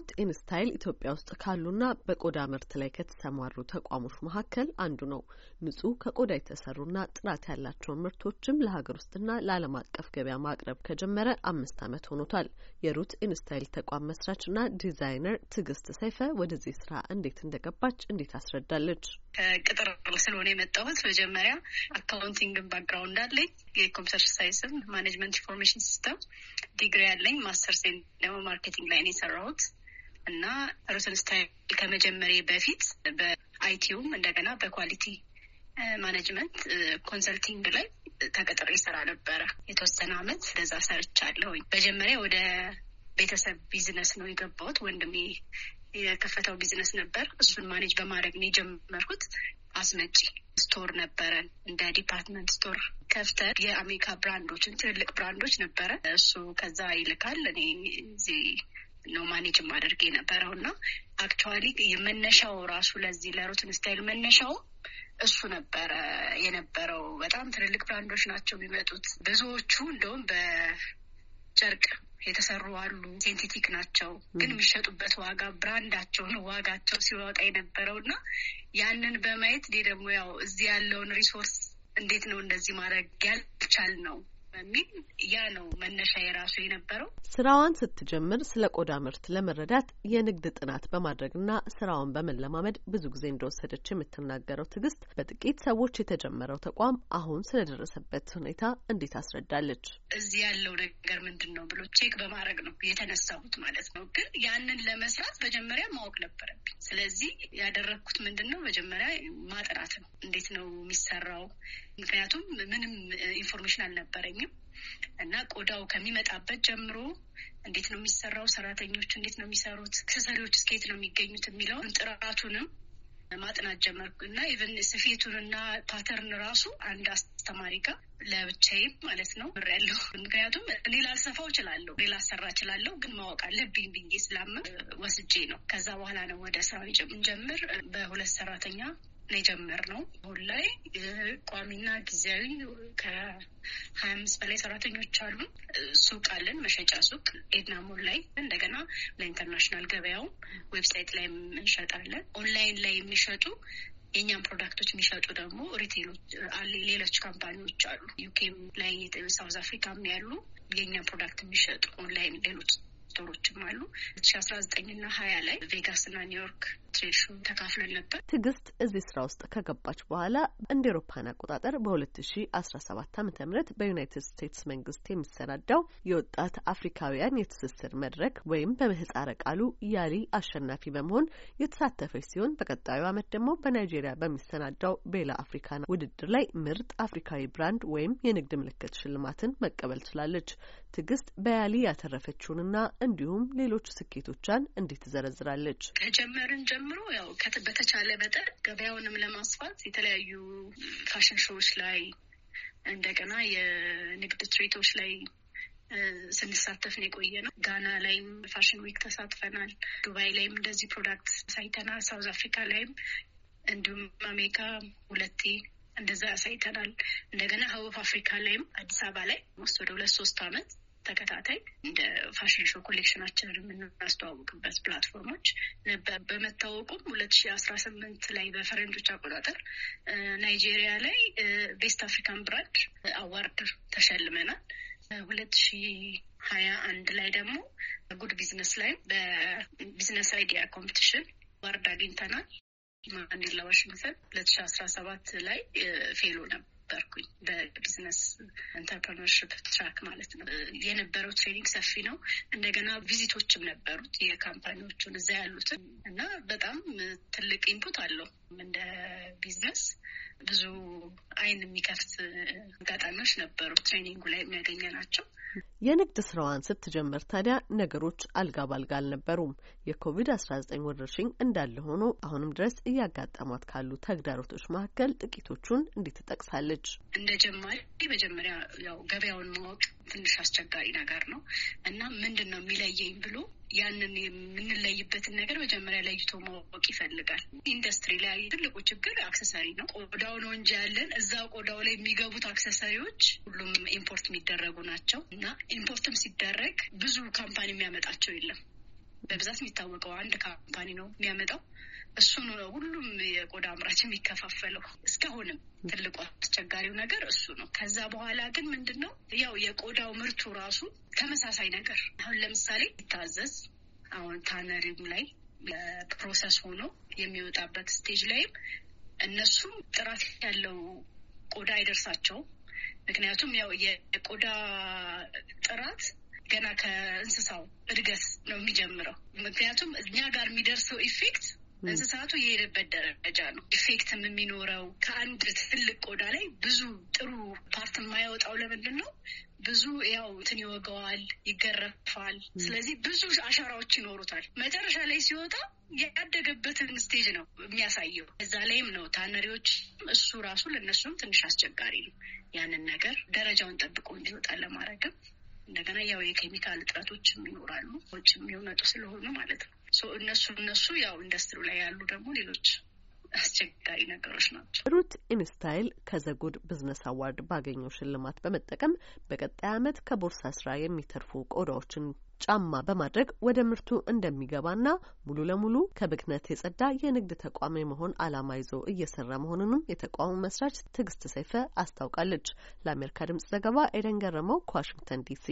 ሩት ኢንስታይል ኢትዮጵያ ውስጥ ካሉና በቆዳ ምርት ላይ ከተሰማሩ ተቋሞች መካከል አንዱ ነው። ንጹህ ከቆዳ የተሰሩና ጥራት ያላቸውን ምርቶችም ለሀገር ውስጥና ለዓለም አቀፍ ገበያ ማቅረብ ከጀመረ አምስት ዓመት ሆኖታል። የሩት ኢንስታይል ተቋም መስራችና ዲዛይነር ትዕግስት ሰይፈ ወደዚህ ስራ እንዴት እንደገባች እንዴት አስረዳለች። ከቅጥር ስለሆነ የመጣሁት መጀመሪያ አካውንቲንግ ባክግራውንድ አለኝ። የኮምፒተር ሳይንስም ማኔጅመንት ኢንፎርሜሽን ሲስተም ዲግሪ አለኝ። ማስተርሴን ደግሞ ማርኬቲንግ ላይ ነው የሰራሁት። እና ሮሰን ስታይል ከመጀመሬ በፊት በአይቲውም እንደገና በኳሊቲ ማኔጅመንት ኮንሰልቲንግ ላይ ተቀጥሬ ስራ ነበረ። የተወሰነ አመት ለዛ ሰርቻለሁኝ። መጀመሪያ ወደ ቤተሰብ ቢዝነስ ነው የገባሁት። ወንድሜ የከፈተው ቢዝነስ ነበር። እሱን ማኔጅ በማድረግ ነው የጀመርኩት። አስመጪ ስቶር ነበረን እንደ ዲፓርትመንት ስቶር ከፍተን የአሜሪካ ብራንዶችን ትልልቅ ብራንዶች ነበረ እሱ ከዛ ይልካል እኔ እዚህ ነው ማኔጅ ማደርግ የነበረው እና አክቸዋሊ የመነሻው ራሱ ለዚህ ለሩትን ስታይል መነሻው እሱ ነበረ የነበረው። በጣም ትልልቅ ብራንዶች ናቸው የሚመጡት ብዙዎቹ። እንደውም በጨርቅ የተሰሩ አሉ፣ ሴንቲቲክ ናቸው፣ ግን የሚሸጡበት ዋጋ ብራንዳቸው ነው ዋጋቸው ሲወጣ የነበረው እና ያንን በማየት እኔ ደግሞ ያው እዚህ ያለውን ሪሶርስ እንዴት ነው እንደዚህ ማድረግ ያልቻል ነው በሚል ያ ነው መነሻ የራሱ የነበረው። ስራዋን ስትጀምር ስለ ቆዳ ምርት ለመረዳት የንግድ ጥናት በማድረግና ስራውን በመለማመድ ብዙ ጊዜ እንደወሰደች የምትናገረው ትዕግስት በጥቂት ሰዎች የተጀመረው ተቋም አሁን ስለደረሰበት ሁኔታ እንዴት አስረዳለች። እዚህ ያለው ነገር ምንድን ነው ብሎ ቼክ በማድረግ ነው የተነሳሁት ማለት ነው። ግን ያንን ለመስራት መጀመሪያ ማወቅ ነበረብኝ። ስለዚህ ያደረግኩት ምንድን ነው መጀመሪያ ማጥናት ነው። እንዴት ነው የሚሰራው? ምክንያቱም ምንም ኢንፎርሜሽን አልነበረኝ አልገባኝም። እና ቆዳው ከሚመጣበት ጀምሮ እንዴት ነው የሚሰራው፣ ሰራተኞቹ እንዴት ነው የሚሰሩት፣ ተሰሪዎች እስከየት ነው የሚገኙት የሚለውን ጥራቱንም ማጥናት ጀመርኩ እና ኢቨን ስፌቱን ስፌቱንና ፓተርን ራሱ አንድ አስተማሪ ጋር ለብቻዬ ማለት ነው ምሬያለሁ። ምክንያቱም እኔ ላልሰፋው እችላለሁ፣ እኔ ላሰራ እችላለሁ፣ ግን ማወቅ አለብኝ ብዬ ስላመን ወስጄ ነው። ከዛ በኋላ ነው ወደ ስራው እንጀምር በሁለት ሰራተኛ ነው የጀመርነው። አሁን ላይ ቋሚና ጊዜያዊ ከሀያ አምስት በላይ ሰራተኞች አሉ። ሱቅ አለን፣ መሸጫ ሱቅ ኤድና ሞል ላይ። እንደገና ለኢንተርናሽናል ገበያው ዌብሳይት ላይ እንሸጣለን። ኦንላይን ላይ የሚሸጡ የእኛም ፕሮዳክቶች የሚሸጡ ደግሞ ሪቴሎች አለ፣ ሌሎች ካምፓኒዎች አሉ። ዩኬም ላይ ሳውዝ አፍሪካም ያሉ የእኛም ፕሮዳክት የሚሸጡ ኦንላይን ሌሎች ዶክተሮችም አሉ። ሁለት ሺ አስራ ዘጠኝ ና ሀያ ላይ ቬጋስ ና ኒውዮርክ ትሬድ ሾው ተካፍለን ነበር። ትዕግስት እዚህ ስራ ውስጥ ከገባች በኋላ እንደ ኤሮፓን አቆጣጠር በሁለት ሺ አስራ ሰባት አመተ ምህረት በዩናይትድ ስቴትስ መንግስት የሚሰናዳው የወጣት አፍሪካውያን የትስስር መድረክ ወይም በምህፃረ ቃሉ ያሊ አሸናፊ በመሆን የተሳተፈች ሲሆን በቀጣዩ ዓመት ደግሞ በናይጄሪያ በሚሰናዳው ቤላ አፍሪካና ውድድር ላይ ምርጥ አፍሪካዊ ብራንድ ወይም የንግድ ምልክት ሽልማትን መቀበል ችላለች። ትዕግስት በያሊ ያተረፈችውንና እንዲሁም ሌሎች ስኬቶቿን እንዲህ ትዘረዝራለች። ከጀመርን ጀምሮ ያው በተቻለ መጠን ገበያውንም ለማስፋት የተለያዩ ፋሽን ሾዎች ላይ እንደገና የንግድ ትርኢቶች ላይ ስንሳተፍ ነው የቆየ ነው። ጋና ላይም ፋሽን ዊክ ተሳትፈናል። ዱባይ ላይም እንደዚህ ፕሮዳክት ሳይተናል። ሳውዝ አፍሪካ ላይም እንዲሁም አሜሪካ ሁለቴ እንደዛ ያሳይተናል። እንደገና ሀወፍ አፍሪካ ላይም አዲስ አበባ ላይ ሞስት ወደ ሁለት ሶስት አመት ተከታታይ እንደ ፋሽን ሾው ኮሌክሽናችንን የምናስተዋውቅበት ፕላትፎርሞች በመታወቁም ሁለት ሺ አስራ ስምንት ላይ በፈረንጆች አቆጣጠር ናይጄሪያ ላይ ቤስት አፍሪካን ብራንድ አዋርድ ተሸልመናል። ሁለት ሺ ሀያ አንድ ላይ ደግሞ ጉድ ቢዝነስ ላይ በቢዝነስ አይዲያ ኮምፒቲሽን ዋርድ አግኝተናል። ማንዴላ ዋሽንግተን ሁለት ሺ አስራ ሰባት ላይ ፌሎ ነበርኩኝ በቢዝነስ ኢንተርፕርነርሽፕ ትራክ ማለት ነው። የነበረው ትሬኒንግ ሰፊ ነው። እንደገና ቪዚቶችም ነበሩት የካምፓኒዎቹን እዛ ያሉትን እና በጣም ትልቅ ኢንፑት አለው እንደ ቢዝነስ ብዙ አይን የሚከፍት አጋጣሚዎች ነበሩ ትሬኒንጉ ላይ የሚያገኘ ናቸው። የንግድ ስራዋን ስትጀምር ታዲያ ነገሮች አልጋ ባልጋ አልነበሩም። የኮቪድ-19 ወረርሽኝ እንዳለ ሆኖ አሁንም ድረስ እያጋጠሟት ካሉ ተግዳሮቶች መካከል ጥቂቶቹን እንዲህ ትጠቅሳለች። እንደ ጀማሪ መጀመሪያ ያው ገበያውን ማወቅ ትንሽ አስቸጋሪ ነገር ነው እና ምንድን ነው የሚለየኝ ብሎ ያንን የምንለይበትን ነገር መጀመሪያ ለይቶ ማወቅ ይፈልጋል። ኢንዱስትሪ ላይ ትልቁ ችግር አክሰሰሪ ነው። ቆዳው ነው እንጂ ያለን እዛ ቆዳው ላይ የሚገቡት አክሰሰሪዎች ሁሉም ኢምፖርት የሚደረጉ ናቸው እና ኢምፖርትም ሲደረግ ብዙ ካምፓኒ የሚያመጣቸው የለም። በብዛት የሚታወቀው አንድ ካምፓኒ ነው የሚያመጣው። እሱኑ ነው ሁሉም የቆዳ አምራች የሚከፋፈለው። እስካሁንም ትልቁ አስቸጋሪው ነገር እሱ ነው። ከዛ በኋላ ግን ምንድን ነው ያው የቆዳው ምርቱ ራሱ ተመሳሳይ ነገር አሁን ለምሳሌ ይታዘዝ አሁን ታነሪም ላይ ፕሮሰስ ሆኖ የሚወጣበት ስቴጅ ላይም እነሱም ጥራት ያለው ቆዳ አይደርሳቸውም። ምክንያቱም ያው የቆዳ ጥራት ገና ከእንስሳው እድገት ነው የሚጀምረው። ምክንያቱም እኛ ጋር የሚደርሰው ኢፌክት እንስሳቱ የሄደበት ደረጃ ነው። ኢፌክትም የሚኖረው ከአንድ ትልቅ ቆዳ ላይ ብዙ ጥሩ ፓርት የማያወጣው ለምንድን ነው? ብዙ ያው እንትን ይወገዋል፣ ይገረፋል። ስለዚህ ብዙ አሻራዎች ይኖሩታል። መጨረሻ ላይ ሲወጣ ያደገበትን ስቴጅ ነው የሚያሳየው። እዛ ላይም ነው ታነሪዎች እሱ ራሱ ለእነሱም ትንሽ አስቸጋሪ ነው ያንን ነገር ደረጃውን ጠብቆ እንዲወጣ ለማድረግም እንደገና ያው የኬሚካል እጥረቶችም ይኖራሉ ዎች የሚወጡ ስለሆኑ ማለት ነው። እነሱ እነሱ ያው ኢንዱስትሪ ላይ ያሉ ደግሞ ሌሎች አስቸጋሪ ነገሮች ናቸው። ሩት ኢንስታይል ከዘጉድ ብዝነስ አዋርድ ባገኘው ሽልማት በመጠቀም በቀጣይ አመት ከቦርሳ ስራ የሚተርፉ ቆዳዎችን ጫማ በማድረግ ወደ ምርቱ እንደሚገባና ሙሉ ለሙሉ ከብክነት የጸዳ የንግድ ተቋም የመሆን ዓላማ ይዞ እየሰራ መሆኑንም የተቋሙ መስራች ትዕግስት ሰይፈ አስታውቃለች። ለአሜሪካ ድምጽ ዘገባ ኤደን ገረመው ከዋሽንግተን ዲሲ